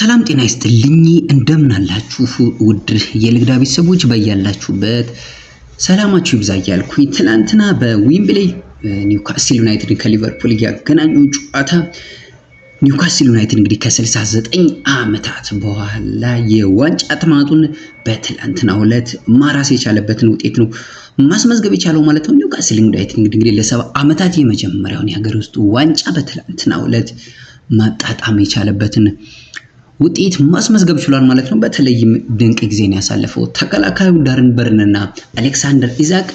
ሰላም ጤና ይስጥልኝ። እንደምን አላችሁ ውድ የልግዳ ቤተሰቦች፣ በያላችሁበት ሰላማችሁ ይብዛ እያልኩኝ ትናንትና በዌምብሌ ኒውካስል ዩናይትድ ከሊቨርፑል እያገናኙ ጨዋታ ኒውካስል ዩናይትድ እንግዲህ ከ69 ዓመታት በኋላ የዋንጫ ጥማቱን በትላንትናው ዕለት ማራስ የቻለበትን ውጤት ነው ማስመዝገብ የቻለው ማለት ነው። ኒውካስል ዩናይትድ እንግዲህ ለሰባ ዓመታት የመጀመሪያውን የሀገር ውስጥ ዋንጫ በትላንትናው ዕለት ማጣጣም የቻለበትን ውጤት ማስመዝገብ ችሏል ማለት ነው። በተለይም ድንቅ ጊዜን ያሳለፈው ተከላካዩ ዳርን በርንና አሌክሳንደር ኢዛክ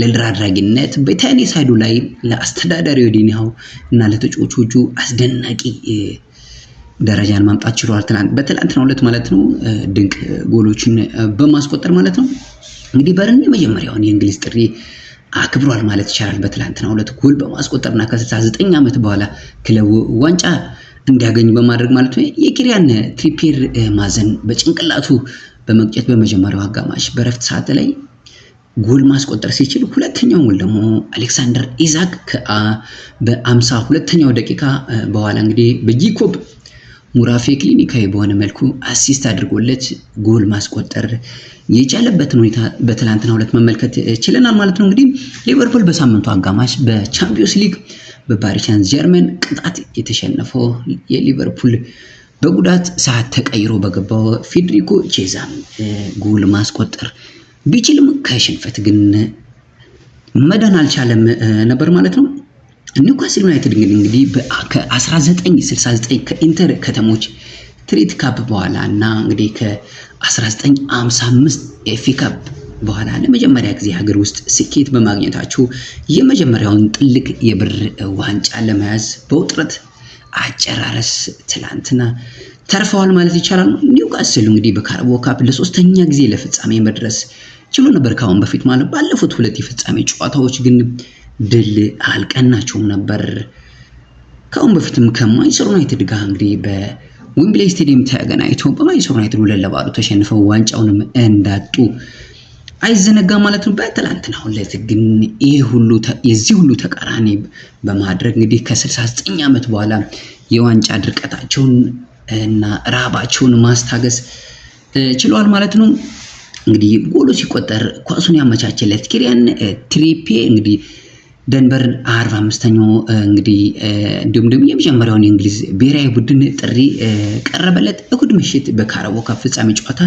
ለድል አድራጊነት በተያኔ ሳይዱ ላይ ለአስተዳዳሪው ዲኒያው እና ለተጫዋቾቹ አስደናቂ ደረጃን ማምጣት ችሏል። ትናንት በትናንትናው ዕለት ማለት ነው ድንቅ ጎሎችን በማስቆጠር ማለት ነው እንግዲህ በርን የመጀመሪያውን የእንግሊዝ ጥሪ አክብሯል ማለት ይቻላል። በትናንትናው ዕለት ጎል በማስቆጠርና ከ69 ዓመት በኋላ ክለቡ ዋንጫ እንዲያገኙ በማድረግ ማለት ነው። የኪሪያን ትሪፒር ማዘን በጭንቅላቱ በመግጨት በመጀመሪያው አጋማሽ በረፍት ሰዓት ላይ ጎል ማስቆጠር ሲችል ሁለተኛው ጎል ደግሞ አሌክሳንደር ኢዛክ በአምሳ ሁለተኛው ደቂቃ በኋላ እንግዲህ በጂኮብ ሙራፌ ክሊኒካዊ በሆነ መልኩ አሲስት አድርጎለት ጎል ማስቆጠር የቻለበትን ሁኔታ በትላንትና ሁለት መመልከት ችለናል ማለት ነው። እንግዲህ ሊቨርፑል በሳምንቱ አጋማሽ በቻምፒዮንስ ሊግ በፓሪሳን ጀርመን ቅጣት የተሸነፈው የሊቨርፑል በጉዳት ሰዓት ተቀይሮ በገባው ፌዴሪኮ ቼዛን ጎል ማስቆጠር ቢችልም ከሽንፈት ግን መዳን አልቻለም ነበር ማለት ነው። ኒውካስል ዩናይትድ ግን እንግዲህ ከ1969 ከኢንተር ከተሞች ትሪት ካፕ በኋላ እና እንግዲህ ከ1955 ኤፍ ካፕ በኋላ ለመጀመሪያ ጊዜ ሀገር ውስጥ ስኬት በማግኘታችሁ የመጀመሪያውን ጥልቅ የብር ዋንጫ ለመያዝ በውጥረት አጨራረስ ትላንትና ተርፈዋል ማለት ይቻላል። ኒውካስል እንግዲህ በካራቦ ካፕ ለሶስተኛ ጊዜ ለፍጻሜ መድረስ ችሎ ነበር ካሁን በፊት ማለት ባለፉት ሁለት የፍጻሜ ጨዋታዎች ግን ድል አልቀናቸውም ነበር። ካሁን በፊትም ከማንቸስተር ዩናይትድ ጋር እንግዲህ በዌምብሌይ ስቴዲየም ተገናኝተው በማንቸስተር ዩናይትድ ሁለት ለባዶ ተሸንፈው ዋንጫውንም እንዳጡ አይዘነጋ ማለት ነው። በትላንትናው ዕለት ግን ይህ ሁሉ የዚህ ሁሉ ተቃራኒ በማድረግ እንግዲህ ከ69 ዓመት በኋላ የዋንጫ ድርቀታቸውን እና ራባቸውን ማስታገስ ችሏል ማለት ነው። እንግዲህ ጎሎ ሲቆጠር ኳሱን ያመቻቸለት ኪሪያን ትሪፔ እንግዲህ ደንበር አርባ አምስተኛው እንግዲህ እንዲሁም ደግሞ የመጀመሪያውን የእንግሊዝ ብሔራዊ ቡድን ጥሪ ቀረበለት። እሁድ ምሽት በካረቦ ካፕ ፍጻሜ ጨዋታ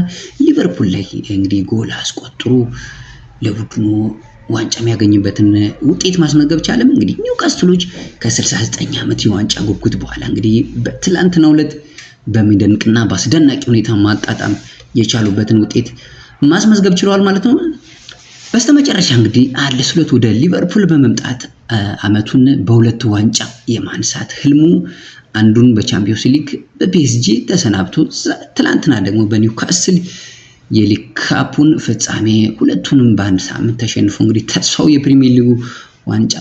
ሊቨርፑል ላይ እንግዲህ ጎል አስቆጥሩ ለቡድኑ ዋንጫ የሚያገኝበትን ውጤት ማስመዝገብ ቻለም። እንግዲህ ኒውካስትሎች ከ69 ዓመት የዋንጫ ጉጉት በኋላ እንግዲህ በትላንትናው ዕለት በሚደንቅና በአስደናቂ ሁኔታ ማጣጣም የቻሉበትን ውጤት ማስመዝገብ ችለዋል ማለት ነው። በስተመጨረሻ እንግዲህ አርነ ስሎት ወደ ሊቨርፑል በመምጣት አመቱን በሁለት ዋንጫ የማንሳት ህልሙ አንዱን በቻምፒዮንስ ሊግ በፒኤስጂ ተሰናብቶ ትላንትና ደግሞ በኒውካስል የሊግ ካፑን ፍጻሜ ሁለቱንም በአንድ ሳምንት ተሸንፎ እንግዲህ ተስፋው የፕሪሚየር ሊጉ ዋንጫ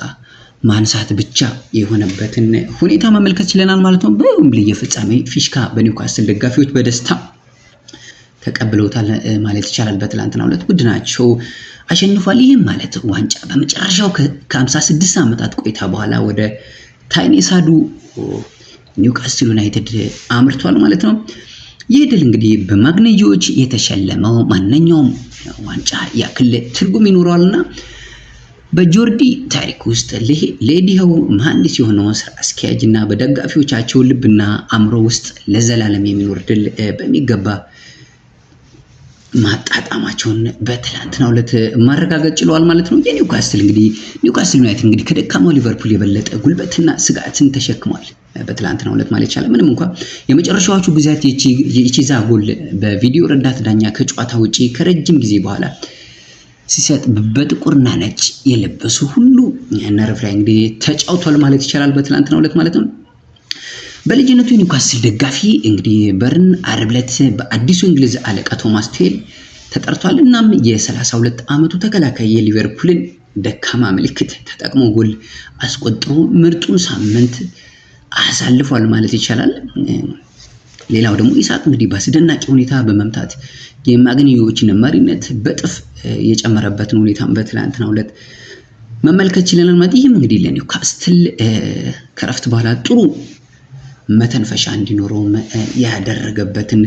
ማንሳት ብቻ የሆነበትን ሁኔታ መመልከት ችለናል ማለት ነው። በሁም የፍጻሜ ፊሽካ በኒውካስል ደጋፊዎች በደስታ ተቀብለውታል ማለት ይቻላል። በትላንትና ሁለት ቡድናቸው አሸንፏል። ይህም ማለት ዋንጫ በመጨረሻው ከ56 ዓመታት ቆይታ በኋላ ወደ ታይኔሳዱ ኒውካስትል ዩናይትድ አምርቷል ማለት ነው። ይህ ድል እንግዲህ በማግነጂዎች የተሸለመው ማንኛውም ዋንጫ ያክል ትርጉም ይኖረዋልና በጆርዲ ታሪክ ውስጥ ሌዲኸው መሐንዲስ የሆነው ስራ አስኪያጅ እና በደጋፊዎቻቸው ልብና አእምሮ ውስጥ ለዘላለም የሚኖር ድል በሚገባ ማጣጣማቸውን በትላንትናው ዕለት ማረጋገጥ ችለዋል ማለት ነው። የኒውካስል እንግዲህ ኒውካስል ዩናይትድ እንግዲህ ከደካማው ሊቨርፑል የበለጠ ጉልበትና ስጋትን ተሸክሟል። በትላንትናው ዕለት ማለት ይቻላል። ምንም እንኳ የመጨረሻዎቹ ጊዜያት የቺዛ ጎል በቪዲዮ ረዳት ዳኛ ከጨዋታ ውጪ ከረጅም ጊዜ በኋላ ሲሰጥ በጥቁርና ነጭ የለበሱ ሁሉ ነርቭ ላይ እንግዲህ ተጫውቷል ማለት ይቻላል። በትላንትናው ዕለት ማለት ነው። በልጅነቱ ኒውካስል ደጋፊ እንግዲህ በርን ዓርብ ዕለት በአዲሱ እንግሊዝ አለቃ ቶማስ ቴል ተጠርቷል። እናም የ32 ዓመቱ ተከላካይ የሊቨርፑልን ደካማ ምልክት ተጠቅሞ ጎል አስቆጥሮ ምርጡን ሳምንት አሳልፏል ማለት ይቻላል። ሌላው ደግሞ ኢሳቅ እንግዲህ በአስደናቂ ሁኔታ በመምታት የማግንዮዎችን መሪነት በጥፍ የጨመረበትን ሁኔታን በትላንትናው ዕለት መመልከት ችለናል ማለት ይህም እንግዲህ ለኒውካስትል ከረፍት በኋላ ጥሩ መተንፈሻ እንዲኖረውም ያደረገበትን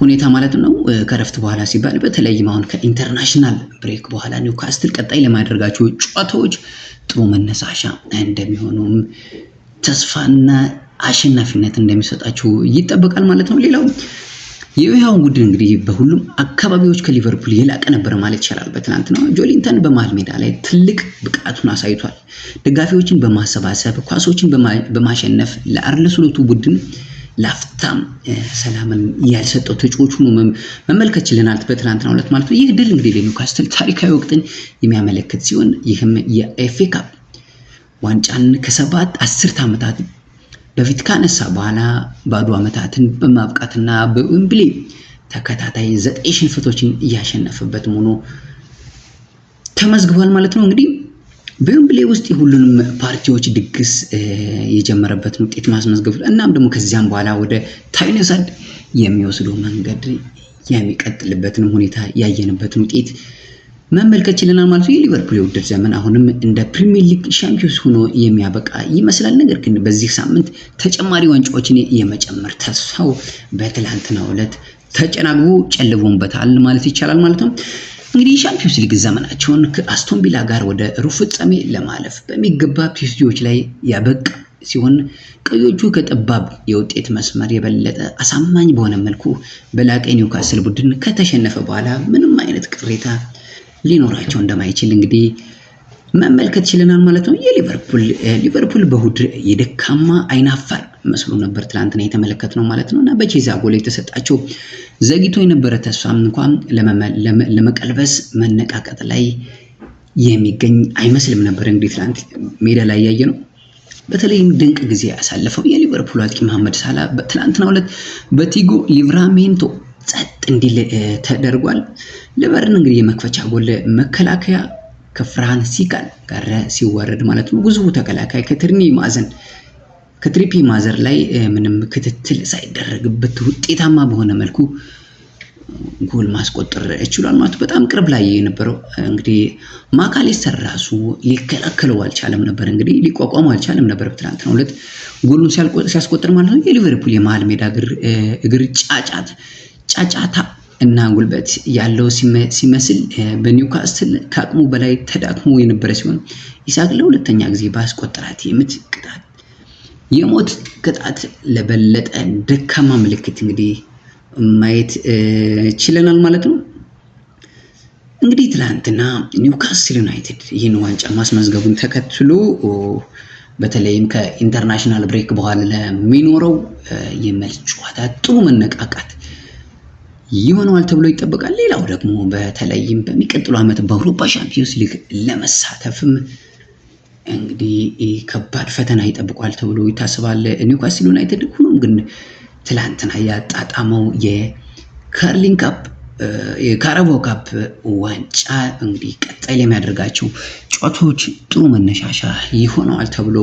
ሁኔታ ማለት ነው። ከረፍት በኋላ ሲባል በተለይም አሁን ከኢንተርናሽናል ብሬክ በኋላ ኒውካስትል ቀጣይ ለማደርጋቸው ጨዋታዎች ጥሩ መነሳሻ እንደሚሆኑም ተስፋና አሸናፊነት እንደሚሰጣቸው ይጠበቃል ማለት ነው። ሌላው የዊሃውን ቡድን እንግዲህ በሁሉም አካባቢዎች ከሊቨርፑል የላቀ ነበር ማለት ይቻላል። ነው ጆሊንተን በመሃል ሜዳ ላይ ትልቅ ብቃቱን አሳይቷል። ደጋፊዎችን በማሰባሰብ ኳሶችን በማሸነፍ ለአርነ ስሎቱ ቡድን ላፍታም ሰላምን ያልሰጠው ተጫዋች ሆኖ መመልከት ችለናል በትናንትናው ዕለት ማለት ነው። ይህ ድል እንግዲህ ለኒውካስትል ታሪካዊ ወቅትን የሚያመለክት ሲሆን ይህም የኤፍኤ ካፕ ዋንጫን ከሰባት አስርት ዓመታት በፊት ካነሳ በኋላ ባዶ ዓመታትን በማብቃትና በዌምብሊ ተከታታይ ዘጠኝ ሽንፈቶችን እያሸነፈበት መሆኑ ተመዝግቧል ማለት ነው። እንግዲህ በዌምብሊ ውስጥ የሁሉንም ፓርቲዎች ድግስ የጀመረበትን ውጤት ማስመዝገብ እናም ደግሞ ከዚያም በኋላ ወደ ታይነሳድ የሚወስደው መንገድ የሚቀጥልበትንም ሁኔታ ያየንበትን ውጤት መመልከት ችለናል ማለት ነው። የሊቨርፑል የውድድር ዘመን አሁንም እንደ ፕሪሚየር ሊግ ሻምፒዮንስ ሆኖ የሚያበቃ ይመስላል። ነገር ግን በዚህ ሳምንት ተጨማሪ ዋንጫዎችን የመጨመር ተስፋው በትላንትናው ዕለት ተጨናግቦ ጨልቦንበታል ማለት ይቻላል ማለት ነው። እንግዲህ ሻምፒዮንስ ሊግ ዘመናቸውን ከአስቶን ቪላ ጋር ወደ ሩብ ፍጻሜ ለማለፍ በሚገባ ፒኤስጂዎች ላይ ያበቃ ሲሆን ቀዮቹ ከጠባብ የውጤት መስመር የበለጠ አሳማኝ በሆነ መልኩ በላቀ ኒውካስል ቡድን ከተሸነፈ በኋላ ምንም አይነት ቅሬታ ሊኖራቸው እንደማይችል እንግዲህ መመልከት ችለናል ማለት ነው። የሊቨርፑል ሊቨርፑል በሁድ የደካማ አይናፋር መስሎ ነበር ትላንትና ነው ማለት ነው እና በቼዛ ጎል የተሰጣቸው ዘግይቶ የነበረ ተስፋም እንኳን ለመቀልበስ መነቃቀጥ ላይ የሚገኝ አይመስልም ነበር እንግዲህ ትላንት ሜዳ ላይ ያየ ነው። በተለይም ድንቅ ጊዜ ያሳለፈው የሊቨርፑል አጥቂ መሐመድ ሳላ ትላንትና ሁለት በቲጎ ሊቨራሜንቶ ጸጥ እንዲል ተደርጓል። ለበርን እንግዲህ የመክፈቻ ጎል መከላከያ ከፍራንሲካል ጋር ሲወረድ ማለት ነው ግዙፉ ተከላካይ ከትርኒ ማዕዘን ከትሪፒ ማዘር ላይ ምንም ክትትል ሳይደረግበት ውጤታማ በሆነ መልኩ ጎል ማስቆጠር ችሏል ማለት በጣም ቅርብ ላይ የነበረው እንግዲህ ማካሌስተር ራሱ ሊከላከለው አልቻለም ነበር። እንግዲህ ሊቋቋመው አልቻለም ነበር። ትናንትና ሁለት ጎሉን ሲያስቆጥር ማለት ነው የሊቨርፑል የመሃል ሜዳ እግር ጫጫት ጫጫታ እና ጉልበት ያለው ሲመስል በኒውካስትል ከአቅሙ በላይ ተዳክሞ የነበረ ሲሆን ኢሳክ ለሁለተኛ ጊዜ ባስቆጠራት የምት ቅጣት የሞት ቅጣት ለበለጠ ደካማ ምልክት እንግዲህ ማየት ችለናል ማለት ነው። እንግዲህ ትላንትና ኒውካስትል ዩናይትድ ይህን ዋንጫ ማስመዝገቡን ተከትሎ በተለይም ከኢንተርናሽናል ብሬክ በኋላ ለሚኖረው የመልስ ጨዋታ ጥሩ መነቃቃት ይሆነዋል ተብሎ ይጠበቃል። ሌላው ደግሞ በተለይም በሚቀጥለው ዓመት በአውሮፓ ሻምፒዮንስ ሊግ ለመሳተፍም እንግዲህ ከባድ ፈተና ይጠብቋል ተብሎ ይታሰባል ኒውካስል ዩናይትድ። ሆኖም ግን ትላንትና ያጣጣመው የካርሊንግ ካፕ የካረቦ ካፕ ዋንጫ እንግዲህ ቀጣይ ለሚያደርጋቸው ጨዋታዎች ጥሩ መነሻሻ ይሆነዋል ተብሎ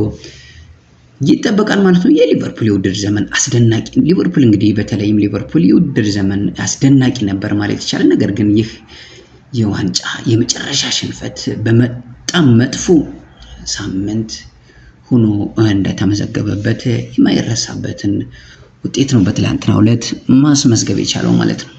ይጠበቃል ማለት ነው። የሊቨርፑል የውድድር ዘመን አስደናቂ ሊቨርፑል እንግዲህ በተለይም ሊቨርፑል የውድድር ዘመን አስደናቂ ነበር ማለት ይቻላል። ነገር ግን ይህ የዋንጫ የመጨረሻ ሽንፈት በመጣም መጥፎ ሳምንት ሆኖ እንደተመዘገበበት የማይረሳበትን ውጤት ነው በትላንትናው ዕለት ማስመዝገብ የቻለው ማለት ነው።